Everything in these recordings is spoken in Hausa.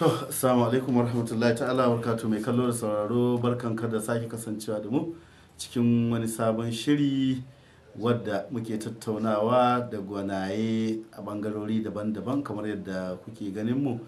To, assalamu alaikum wa rahmatullahi ta'ala barkatu mai kallo da sauraro ka da sake kasancewa da mu cikin wani sabon shiri wadda muke tattaunawa da gwanaye a bangarori daban-daban kamar yadda kuke ganin mu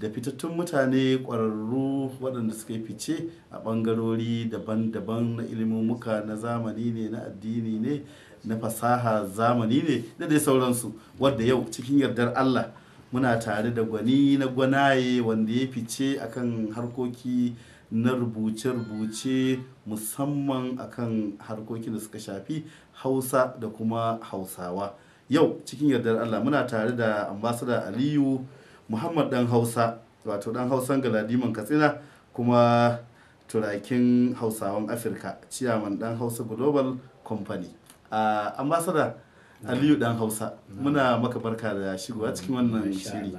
da fitattun mutane ƙwararru waɗanda suka fice a bangarori daban-daban na ilimuka na zamani ne na addini ne na fasaha zamani ne da dai sauransu wadda yau cikin yardar Allah muna tare da gwani na gwanaye wanda ya fice akan harkoki na rubuce-rubuce musamman akan harkoki da suka shafi hausa da kuma hausawa yau cikin yardar allah muna tare da ambasada aliyu muhammad dan hausa wato dan hausan galadiman katsina kuma turakin hausawan afirka ciyaman dan hausa global company uh, ah, ambasada aliyu dan hausa muna maka barka da shigowa cikin wannan shiri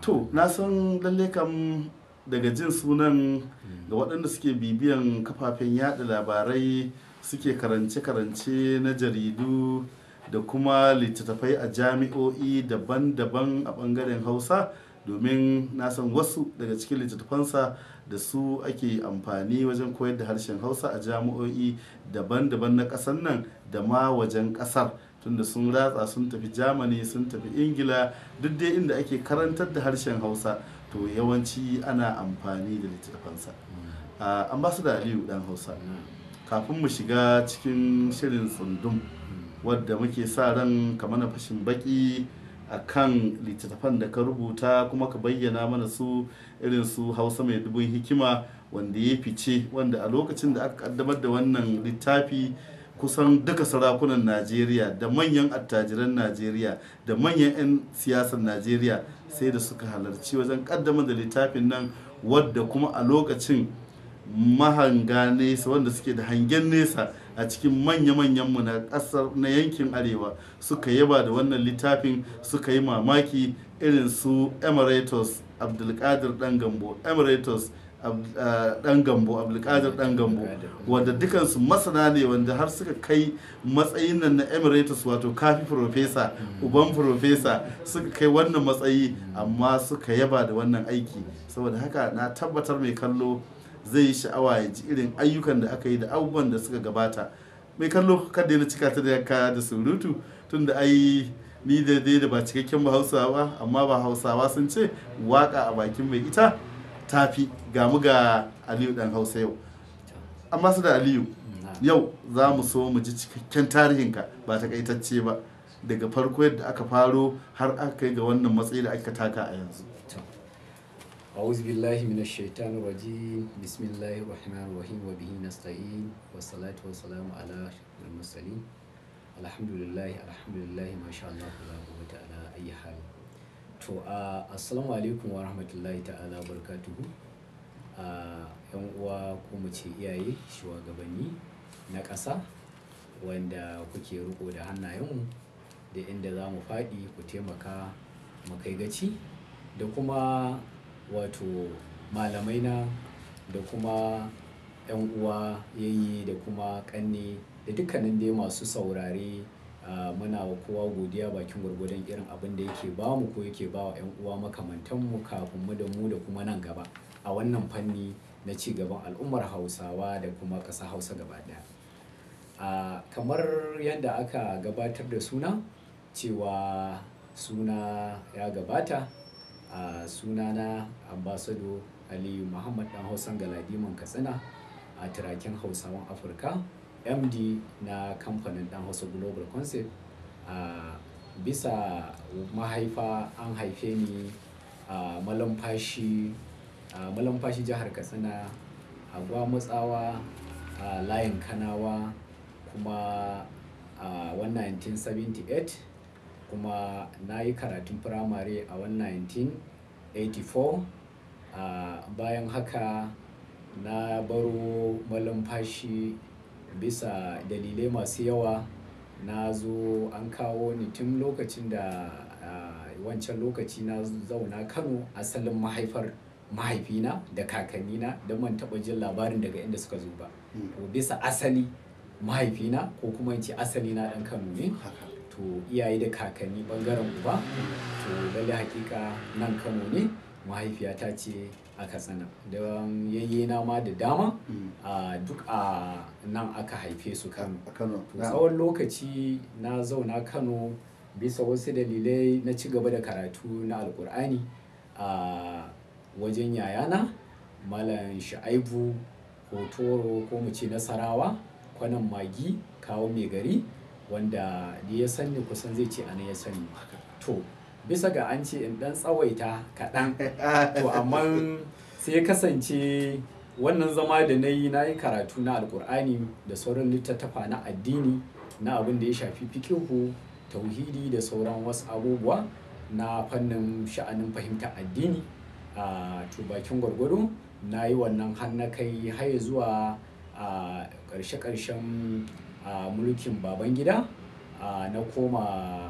to na san lalle kam daga jin sunan mm. ga waɗanda suke bibiyan kafafen yada labarai suke karance-karance na jaridu da kuma littattafai a jami'o'i daban-daban a ɓangaren hausa domin na san wasu daga cikin littattafansa da su ake amfani wajen koyar da harshen hausa a jami'o'i daban-daban na ƙasar nan da ma wajen ƙasar tunda sun ratsa sun tafi germany sun tafi ingila duk dai inda ake karantar da harshen hausa to yawanci ana amfani da littattafansa an ba su da aliyu dan hausa mm. kafin mu shiga cikin shirin tsundum mm. wadda muke sa ran kamar na fashin baki a kan littattafan da ka rubuta kuma ka bayyana mana su irin su hausa mai dubin hikima wanda ya fice wanda a lokacin da aka kaddamar da wannan littafi kusan duka sarakunan najeriya da manyan attajiran najeriya da manyan 'yan siyasar najeriya sai da suka halarci wajen kaddamar da littafin nan wadda kuma a lokacin mahanga nesa wanda suke da hangen nesa a cikin manya-manyan na ƙasar na yankin arewa suka yaba da wannan littafin suka yi mamaki irin su emeritus abdulkadir dan gambo emeritus eh, dan gambo abdulkadir dan gambo wanda dukansu masana ne wanda har suka kai matsayin nan na emeritus wato kafi profesa uban profesa suka kai wannan matsayi amma suka yaba da wannan aiki saboda haka na tabbatar mai kallo zai yi sha'awa ya ji irin ayyukan da aka yi da abubuwan da suka gabata mai kallo kada na cika ta da yaka da surutu tunda ai ni da dai da ba cikakken ba hausawa amma ba hausawa sun ce waka a bakin mai ita tafi ga mu ga aliyu dan hausa yau amma su da aliyu yau za mu so mu ji cikakken tarihinka ba ta takaitacce ba daga farko yadda aka faro har aka kai ga wannan matsayi da aka taka a yanzu أعوذ بالله من الشيطان الرجيم بسم الله الرحمن الرحيم وبه نستعين والصلاة والسلام على المرسلين الحمد لله الحمد لله ما شاء to a assalamu alaikum wa rahmatullahi ta'ala barkatuhu uh, yan uwa ko mu ce iyaye shugabanni na ƙasa wanda kuke riko da hannayenmu da inda za mu faɗi ku taimaka mu kai gaci da kuma wato malamai na da kuma 'yan uwa yi da kuma ƙanne da dukkanin dai masu saurare muna kowa godiya bakin gwargwadon irin abin da yake ba mu ko yake ba wa 'yan uwa makamantan mu kafin mu da mu da kuma nan gaba a wannan fanni na ci gaban al'ummar hausawa da kuma ƙasa hausa gaba ɗaya a kamar yadda aka gabatar da suna cewa suna ya gabata a sunana ambasado aliyu muhammad dan hausan galadiman katsina a turakin hausawan afirka md na kamfanin dan hausa global concept a bisa mahaifa an haife ni a malamfashi jihar katsina a gwamutsawa a layin kanawa kuma a 1978 kuma na yi karatun firamare a 1984 uh, bayan haka na baro malamfashi bisa dalilai masu yawa na zo an kawo ni tun lokacin da uh, wancan lokaci na zauna kano asalin mahaifar mahaifina da kakannina don man taɓa jin labarin daga inda suka zo ba hmm. bisa asali mahaifina ko kuma in ce asali na ɗan kano ne to iyaye da kakanni bangaren uba to lalle hakika nan kano ne mahaifiyata ce a katsina don yayye na ma da dama mm. a duk a nan aka haife su kano tsawon lokaci na zauna kano bisa wasu dalilai na ci gaba da karatu na alkur'ani a wajen yayana malam sha'aibu hotoro ko mu ce nasarawa kwanan magi kawo mai gari wanda da ya sani kusan zai ce ana ya sani to bisa ga an ce in dan tsawaita kaɗan to amma sai kasance wannan zama da na yi na yi karatu na alkur'ani da sauran littattafa na addini na abin da ya shafi fikihu tauhidi da sauran wasu abubuwa na fannin sha'anin fahimta addini a to bakin gwargwado na yi wannan har na kai haya zuwa a ƙarshe-ƙarshen a mulkin Babangida a na koma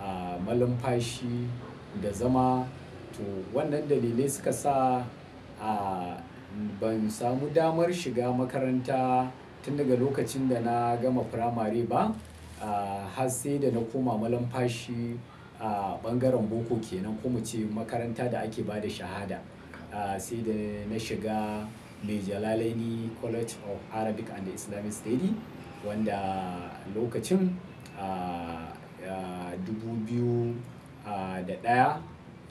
a malumfashi da zama to wannan dalilai suka sa a ban samu damar shiga makaranta tun daga lokacin da na gama firamare ba har sai da na koma malumfashi a bangaren boko kenan ko mu ce makaranta da ake ba da shahada sai da na shiga mai jalalaini college of arabic and islamic Study. wanda lokacin a dubu biyu da ɗaya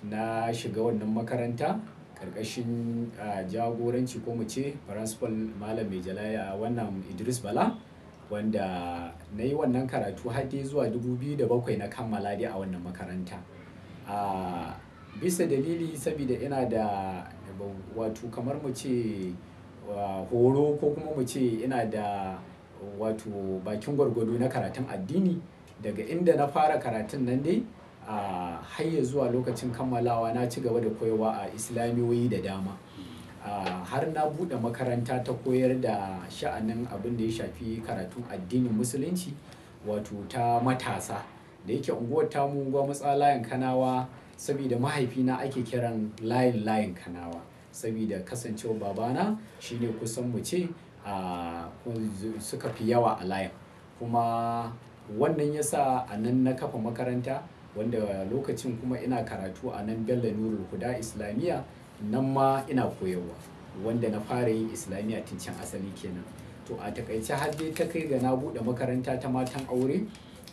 na shiga wannan makaranta ƙarƙashin jagoranci ko mu ce principal malam mai jalaya wannan idris bala wanda na yi wannan karatu har dai zuwa 2007 na kammala dai a wannan makaranta a bisa dalili saboda ina da wato kamar mu ce horo ko kuma mu ce ina da wato bakin gwargwado na karatun addini daga inda na fara karatun nan dai a ya zuwa lokacin kammalawa na ci gaba da koyarwa a islamiyoyi da dama har na buɗe makaranta ta koyar da sha'anin abin da ya shafi karatun addinin musulunci wato ta matasa da yake unguwar tamu gwamnatsa layin kanawa saboda mahaifina ake kiran layin layin kanawa saboda kasancewa babana shine kusan mu ce suka fi yawa a layin kuma wannan ya sa a nan na kafa makaranta wanda lokacin kuma ina karatu a nan bello nurul huda islamiyya nan ma ina koyarwa wanda na fara yin islamiyya tun can asali kenan to a takaice har dai ta kai ga na buɗe makaranta ta matan aure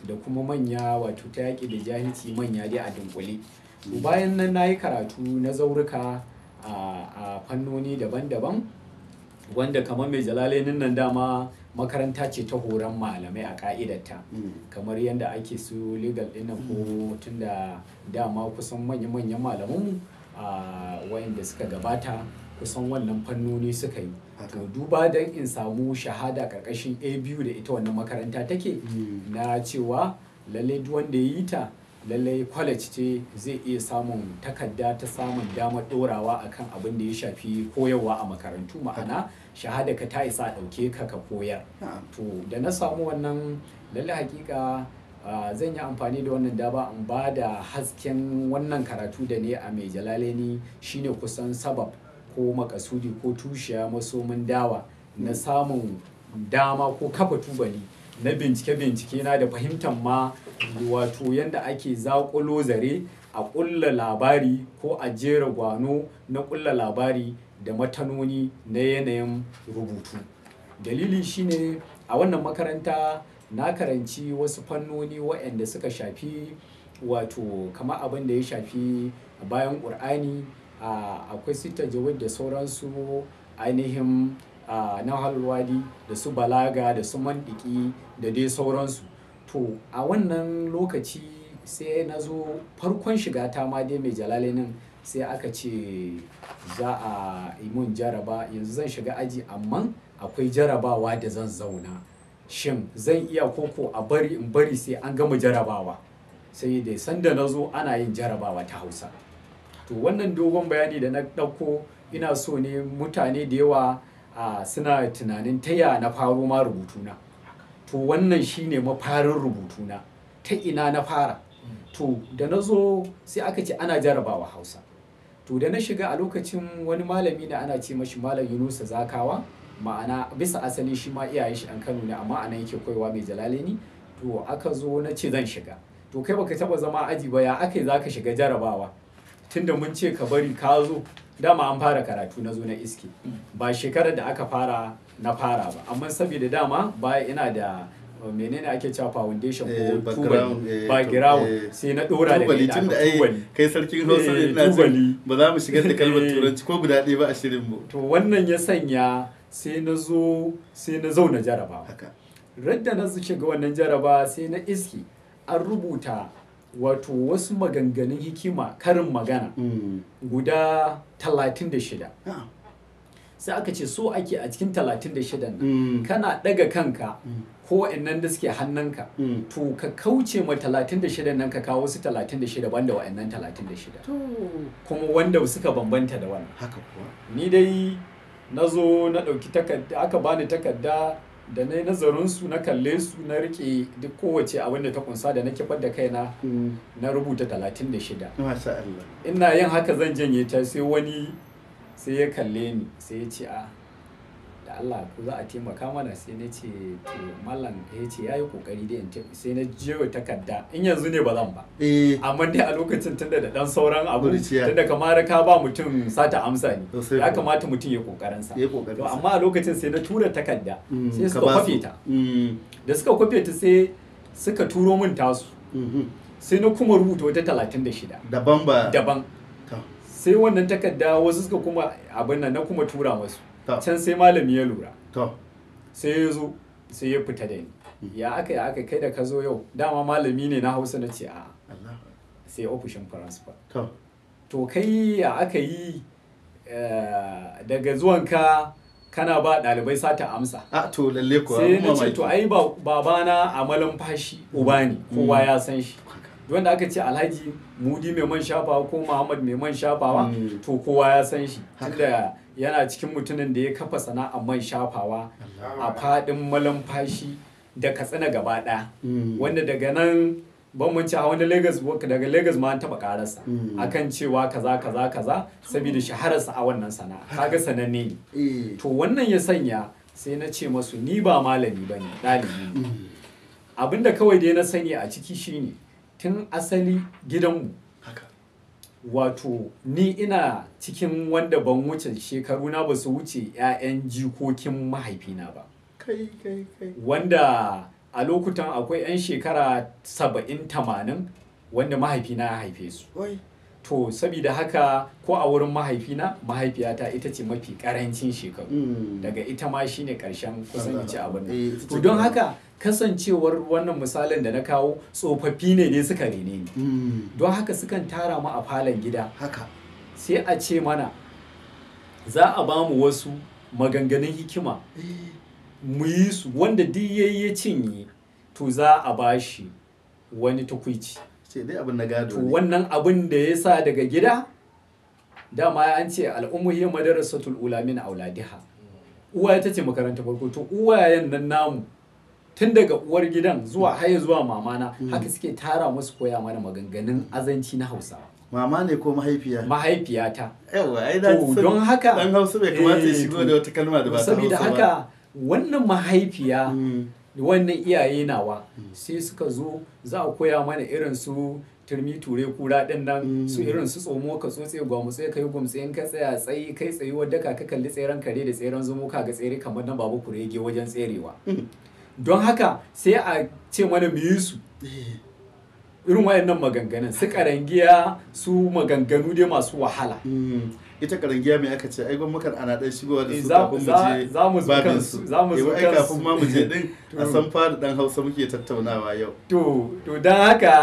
da kuma manya wato ta yaƙi da jahilci manya dai a dunkule bayan nan na yi karatu na zaurika a fannoni daban-daban wanda kamar mai jalalenin nan dama makaranta ce ta horon malamai a ka'idarta kamar yadda ake su legal din nan ko tun da dama kusan manya-manyan malamanmu a wayanda suka gabata kusan wannan fannoni suka yi to duba don in samu shahada karkashin a biyu da ita wannan makaranta take hmm. na cewa lallai duk wanda ya yi ta lallai college ce zai iya samun takarda ta samun damar dorawa akan abin da ya shafi koyarwa a makarantu ma'ana shahada ka ta isa ɗauke ka ka koyar to da na samu wannan lallai hakika zan yi amfani da wannan daba in ba da hasken wannan karatu da ne a mai jalaleni shine kusan sabab ko makasudi ko tushiya masomin dawa na mm. samun dama ko kafa tubali na bincike-bincike na da fahimtar ma wato yadda ake zaƙulo zare a ƙulla labari ko a jera gwano na ƙulla labari da matanoni na yanayin rubutu dalili shine a wannan makaranta na karanci wasu fannoni waɗanda suka shafi wato kama abin da ya shafi bayan ƙur'ani akwai sita da sauransu ainihin a na da su balaga da su mandiki da dai sauransu to a wannan lokaci sai na zo farkon shiga ta ma dai mai jalalinin sai aka ce za a yi mun jaraba yanzu zan shiga aji amma akwai jarabawa da zan zauna shin zan iya koko a bari in bari sai an gama jarabawa sai dai sanda na zo ana yin jarabawa ta hausa to wannan dogon bayani da na ɗauko ina so ne mutane da yawa suna tunanin ta ya na faro ma rubutuna to wannan shine mafarin na ta ina na fara to da na zo sai aka ce ana jarabawa hausa to da na shiga a lokacin wani malami da ana ce mashi malam yunusa zakawa ma'ana bisa asali shi ma iyayen shi an kano ne amma anan yake koyawa mai Jalalini. to aka zo na ce zan shiga to kai baka taba zama aji ba ya aka za ka shiga jarabawa tunda mun ce ka bari ka zo dama an fara karatu na zo na iske ba shekarar da aka fara na fara ba amma saboda dama ba ina da uh, menene ake cewa foundation eh, ko tubali girawo eh, eh, sai na dora da ni tun da kai sarkin hausa ina jin ba za mu shigar da kalmar turanci ko guda ɗaya ba a shirin mu to wannan ya sanya sai na zo sai na zauna jaraba haka radda na zuke ga wannan jaraba sai na iski an rubuta wato wasu maganganun hikima karin magana mm. guda 36 ah. sai aka ce so ake a cikin 36 nan mm. kana daga kanka mm. ko nan da suke hannunka to ka kauce ma 36 nan ka kawo wasu 36 banda wa'annan 36 kuma wanda suka bambanta da wannan haka kuwa ni dai na zo na ɗauki takarda aka bani takarda da na yi nazarin su na kalle su na rike duk kowace abin da ta kunsa da na kifar da kaina hmm. na rubuta 36 ina yin haka zan janye ta sai wani sai ya kalle ni sai ya ce a ah, Allah ko za a taimaka mana sai na ce to mallam ya ce yayi kokari da yanta sai na jiyo takarda in yanzu ne ba zan ba eh. amma dai a lokacin tunda da dan sauran abu tunda kamar ka ba mutum sata amsa ne ya kamata mutum ya kokarin sa to amma a lokacin sai na tura takarda mm, sai suka kwafe ta mm. da suka kwafe ta sai suka turo min tasu mm-hmm. sai na kuma rubuta wata 36 daban ba daban sai wannan takarda wasu suka kuma abin nan na kuma tura masu can sai malami ya lura sai ya zo sai ya fita da ni hmm. ya aka ya aka kai da ka zo yau dama malami ne na hausa na ce a sai ofishin principal to kai ya aka yi eh, daga zuwanka kana ba ɗalibai sata amsa a to lalle ko sai na ce to ai babana a malam fashi uba ne hmm. kowa ya san shi hmm. wanda aka ce alhaji mudi mai man shafawa ko muhammad mai man shafawa to kowa ya san shi tunda yana cikin mutumin da ya kafa sana'a man shafawa a faɗin malamfashi da katsina gaba ɗaya mm. wanda daga nan bambanci a wani Lagos daga Lagos ma an taba karasa mm. akan cewa kaza kaza kaza saboda shahararsa a wannan sana'a kaga sananne ne eh. to wannan ya sanya sai na ce masu ni ba malami ba ne ɗalibi mm. abinda kawai dai na sani a ciki shine tun asali gidanmu wato ni ina cikin wanda ban wuce shekaru na ba su wuce 'ya'yan jikokin mahaifina ba wanda a lokutan akwai 'yan shekara saba'in tamanin wanda mahaifina ya haife su to saboda haka ko a wurin mahaifina mahaifiyata ita ce mafi karancin shekaru mm. daga ita ma shine karshen kusan eh, ce abin to don haka kasancewar wannan misalin da na kawo tsofaffi ne ne suka rene ni mm. don haka sukan tara mu a falon gida haka sai a ce mana za a ba mu wasu maganganun hikima mu yi su wanda duk ya cinye to za a ba shi wani tukwici ce dai abin na gado ne wannan abin da ya sa daga gida dama an ce al'ummuhi madarasatul ula min auladiha uwa ita ce makaranta farko to uwayen nan namu tun daga uwar gidan zuwa haye zuwa mamana hmm. haka suke tara musu koya mana maganganun azanci na hausawa mama ne ko mahaifiya mahaifiyata yawa don haka dan hausa bai kamata ya eh, shigo da wata kalma da ba ta hausa ba saboda haka wannan mahaifiya hmm. wannan iyaye nawa sai suka zo za a koya mana irin su turmi ture kura din nan su mm. irin su tsomo ka tsotse gwamutse yi gwamutse in ka tsaya tsayi kai tsayi wadda ka ka kalli tseren kare da tseren zumo ka ga tsere kamar nan babu kurege wajen tserewa don haka sai a ce mana mu yi su eh. irin wayannan maganganun su karangiya su maganganu dai masu wahala mm. ita karangiya mai aka ce ai gwamnatin ana dan shigowa da eh, su kafin mu je kan su za mu eh, zo kan kafin ma mu je din a san fara dan Hausa muke tattaunawa yau to to dan haka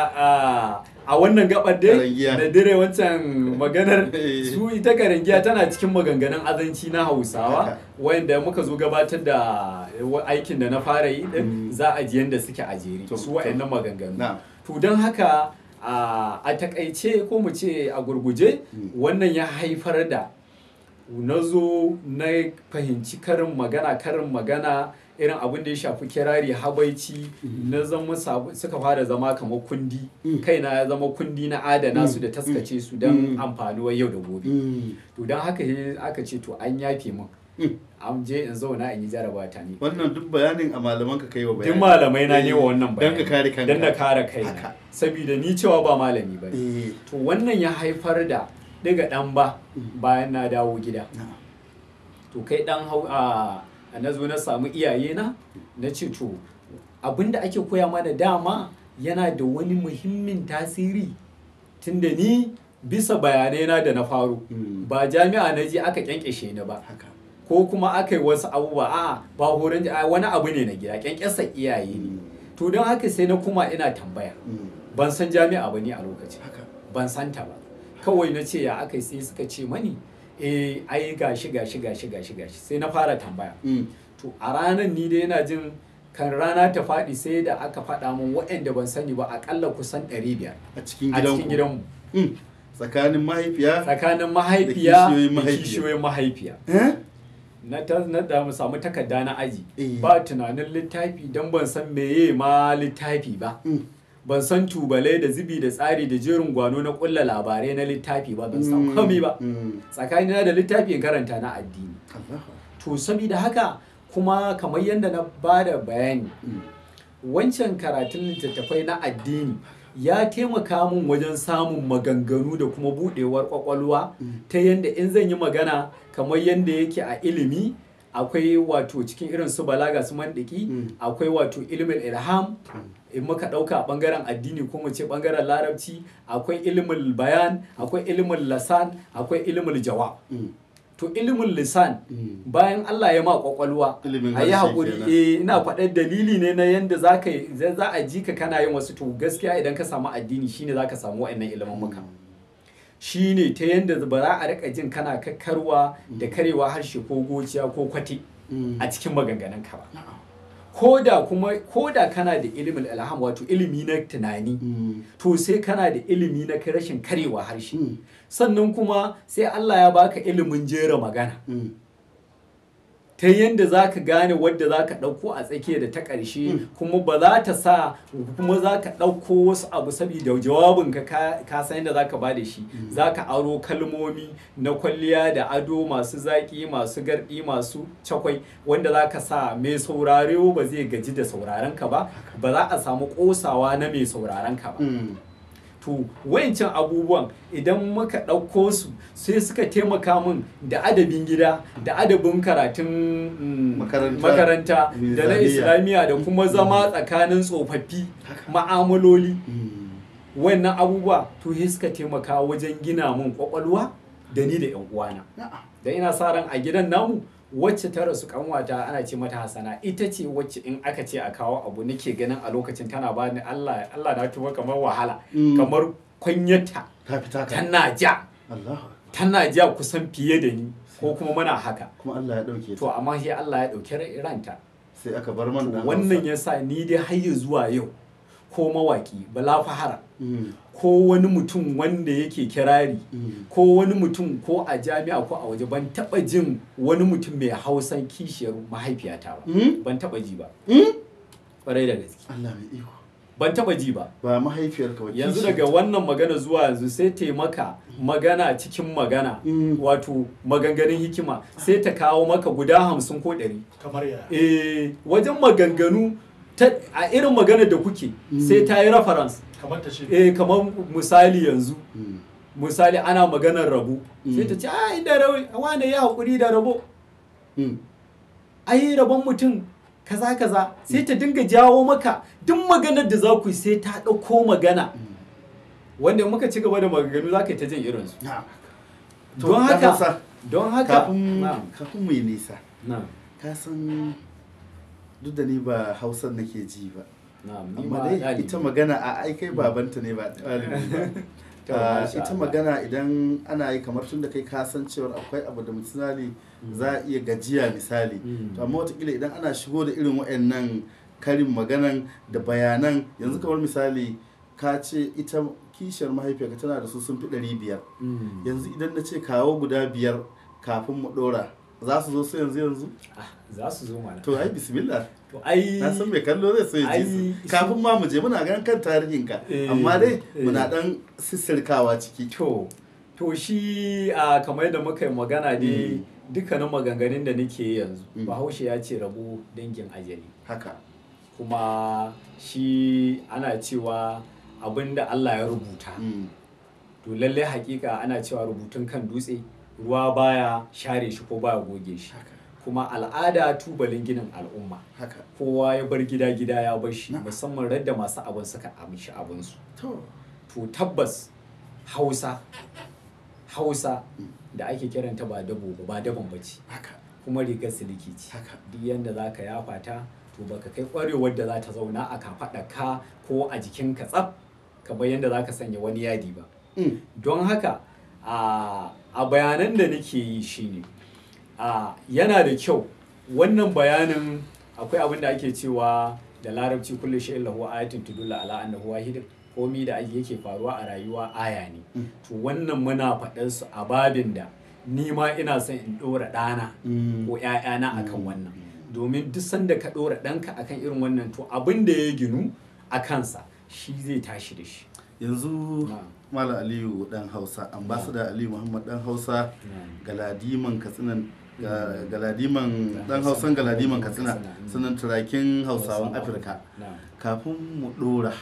a wannan gabar dai da dire wancan maganar eh. su ita karangiya tana cikin maganganun azanci na Hausawa wanda muka zo gabatar da aikin da na fara yi din mm. za a ji yanda suke a jere su waɗannan maganganu to don haka a takaice ko mu ce a gurguje hmm. wannan ya haifar da na zo na fahimci karin magana karin magana irin abin da ya shafi kirari habaici hmm. na zama suka fara zama kamar kundi hmm. kaina ya zama kundi na adana su da taskace su don amfanuwar yau da gobe to don haka aka ce to an yafe min an je in zauna in yi jarabawa ta ni wannan duk bayanin a malaman ka kai wa bayani duk malamai na yi wa wannan bayani eh, dan ka kare kanka dan na kare kaina saboda ni cewa ba malami ba eh. to wannan ya haifar da daga dan ba bayan na dawo gida to kai dan hau a na zo na samu iyaye na na ce to abinda ake koya mana dama yana da wani muhimmin tasiri tunda ni bisa bayanai na da na faru hmm. ba jami'a na je aka kyankyashe ni ba ko kuma aka yi wasu abubuwa a ba horon wani abu ne na gida kyankyasar iyaye ne mm. to don haka sai na kuma ina tambaya mm. ban san jami'a ba ne a lokaci, ban san ta ba kawai na ce ya aka sai suka ce mani eh ai gashi gashi gashi gashi gashi sai na fara tambaya mm. to a ranar ni dai yana jin kan rana ta faɗi sai da aka faɗa min waɗanda ban sani ba akalla kusan 500 a cikin gidanmu tsakanin mahaifiya tsakanin mahaifiya da kishiyoyin mahaifiya eh? na da mu samu takarda na aji eh. ba tunanin littafi don ban san meye ma littafi ba mm. ban san tubalai da zubi da tsari da jerin gwano na kulla labarai na littafi ba ban san mm. komai ba mm. na da littafi karanta na addini to saboda haka kuma kamar yadda na bada bayani wancan karatun littattafai na addini ya taimaka min wajen samun maganganu da kuma buɗewar ƙwaƙwalwa mm. ta yadda in zan yi magana kamar yadda yake a ilimi akwai wato cikin irin su balaga su mandiki mm. akwai wato ilimin ilham mm. in muka ɗauka ɓangaren addini ko mace ce ɓangaren larabci akwai ilimin bayan akwai ilimin lasan akwai ilimin jawab to ilimin lisan mm. bayan Allah ya ma kwakwalwa a yi haƙuri eh ina faɗar dalili ne na yadda za a ji ka kana yin wasu to gaskiya idan ka samu addini shine za ka samu wa'annan ilimin muka mm. shine ta yadda ba za a rika jin kana kakkarwa da mm. karewa harshe ko gociya ko kwate a cikin maganganun ka ba koda kuma koda kana da ilimin alham wato ilimi na tunani mm. to sai kana da ilimi na rashin karewa harshe mm. sannan kuma sai Allah ya baka ilimin jera magana mm. ta yadda za ka gane wadda za ka ɗauko a tsakiya da ta ƙarshe hmm. kuma ba za ta sa kuma za ka ɗauko wasu abu saboda jawabin ka ka san yadda za ka ba da shi hmm. za ka aro kalmomi na kwalliya da ado masu zaƙi masu garɗi masu cakwai wanda za ka sa mai saurarewa ba zai gaji da sauraren ka ba ba za a samu ƙosawa na mai sauraren ka ba hmm. to wancan abubuwan idan muka ɗauko su sai suka taimaka min da adabin gida da adabin karatun mm, makaranta da na islamiyya da kuma zama mm. tsakanin tsofaffi ma'amaloli mm. wannan abubuwa to sai suka taimaka wajen gina min kwakwalwa da ni da 'yan uwana da ina sa ran a gidan namu wacce ta rasu kanwata ana ce mata hasana ita ce wacce in aka ce a kawo abu nake ganin a lokacin tana ba ni Allah Allah na tuba kamar wahala mm. kamar kwanyata tana ja tana ja kusan fiye da ni ko kuma mana haka kuma Allah ya dauke to amma shi Allah ya dauke ranta sai aka bar man wannan yasa ni dai har zuwa yau ko mawaki bala fahara mm. ko wani mutum wanda yake kirari mm. ko wani mutum ko a jami'a ko a waje ban taba jin wani mutum mai hausan kishiyar mahaifiyata ba mm? ban taba ji ba ƙwarai da gaske Allah mai iko ban taba ji ba ba mahaifiyar ka yanzu daga wannan magana zuwa yanzu sai taimaka magana cikin magana wato maganganun hikima sai ta kawo maka guda hamsin ko ɗari kamar ya eh wajen maganganu a irin magana da kuke sai mm. ta yi reference eh kamar misali yanzu mm. misali ana maganar rabo mm. sai ta ce a inda rabo wane ya hakuri da rabo ai rabon mutum kaza kaza sai ta dinga jawo maka duk maganar da za ku yi sai ta ɗauko magana wanda muka ci gaba da maganganu za ka yi ta jin irinsu don haka don haka kafin mu yi nisa ka san duk da ni ba hausan nake ji ba amma dai ita magana a aikai hmm. babanta ne ba ah, ita magana idan ana yi kamar tun da kai kasan cewar akwai abu da misali hmm. za a iya gajiya misali hmm. to amma watakila idan ana shigo da irin waɗannan karin maganan da bayanan yanzu kamar misali ka ce ita kishiyar mahaifiyarka tana da su sun fi ɗari biyar yanzu idan na ce kawo guda biyar kafin mu ɗora za su zo su yanzu yanzu ah, za su zo mana to ai bismillah to ai na san mai kallo zai so ya ji su kafin ma mu je muna ganin kan tarihin ka amma dai eh, muna dan eh. sissirkawa ciki to to shi a kamar yadda muka yi magana ne hmm. dukkanin maganganun da nake yanzu hmm. bahaushe ya ce rabu dangin ajali haka kuma shi ana cewa abin da Allah ya rubuta hmm. to lallai hakika ana cewa rubutun kan dutse ruwa baya share shi ko baya goge shi kuma al'ada tubalin ginin al'umma kowa ya bar gida gida ya bar shi musamman radda masu abin suka amshi abinsu to tabbas hausa hausa mm. da ake kiranta ba dabo ba daban bace kuma rigar siliki ce duk yanda za ka yafa to baka kai kwarewar da za ta zauna a ka ko a jikin ka tsaf ka kamar yadda za ka sanya wani yadi ba mm. don haka a ah, a bayanan da nake yi shine a yana da kyau wannan bayanin akwai abin da ake cewa da larabci kullu shay'in lahu ayatin tudullu ala annahu wahidin komi da yake faruwa a rayuwa aya ne hmm. to wannan muna faɗan su a babin da ni ma ina son in ɗora ɗana hmm. ko ‘ya'yana akan hmm. wannan domin duk sanda ka ɗora ɗanka akan irin wannan to abin da ya ginu a kansa shi zai tashi da shi yanzu mala aliyu dan hausa ambassador aliyu muhammad dan hausa galadiman katsinan galadiman dan hausan galadiman katsina sunan turakin hausawan afirka kafin mu dora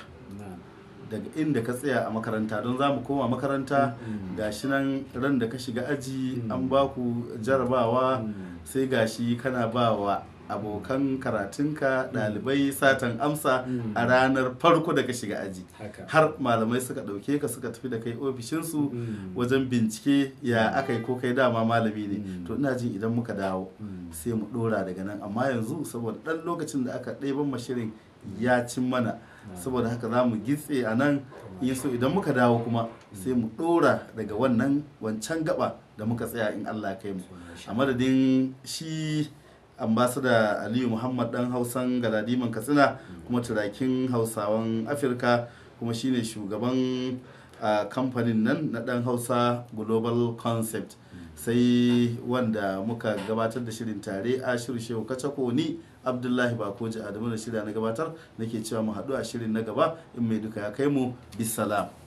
daga inda ka tsaya a makaranta don za mu koma makaranta mm-hmm. gashi nan ran da ka shiga aji mm-hmm. an baku jarabawa mm-hmm. sai gashi kana ba wa abokan karatunka dalibai mm. satan amsa mm. a ranar farko da ka shiga aji har malamai suka ɗauke ka suka tafi da kai ofishinsu mm. wajen bincike ya aka yi ko kai dama malami ne to ina jin idan muka dawo sai mu ɗora daga nan amma yanzu saboda ɗan lokacin da aka ɗaiban mashirin ya cin mana ah. saboda haka za mu gitse a nan in so idan muka dawo kuma sai mu ɗora daga wannan wancan gaba da muka tsaya in allah kai mu a madadin shi ambasada aliyu muhammad dan hausan galadiman katsina kuma turakin hausawan afirka kuma shine shugaban kamfanin nan na dan hausa global concept sai wanda muka gabatar da shirin tare a shirin shehu kacako ni abdullahi bakoji adamu da shirya na gabatar nake cewa mu haɗu a shirin na gaba in mai duka ya kai mu bisalam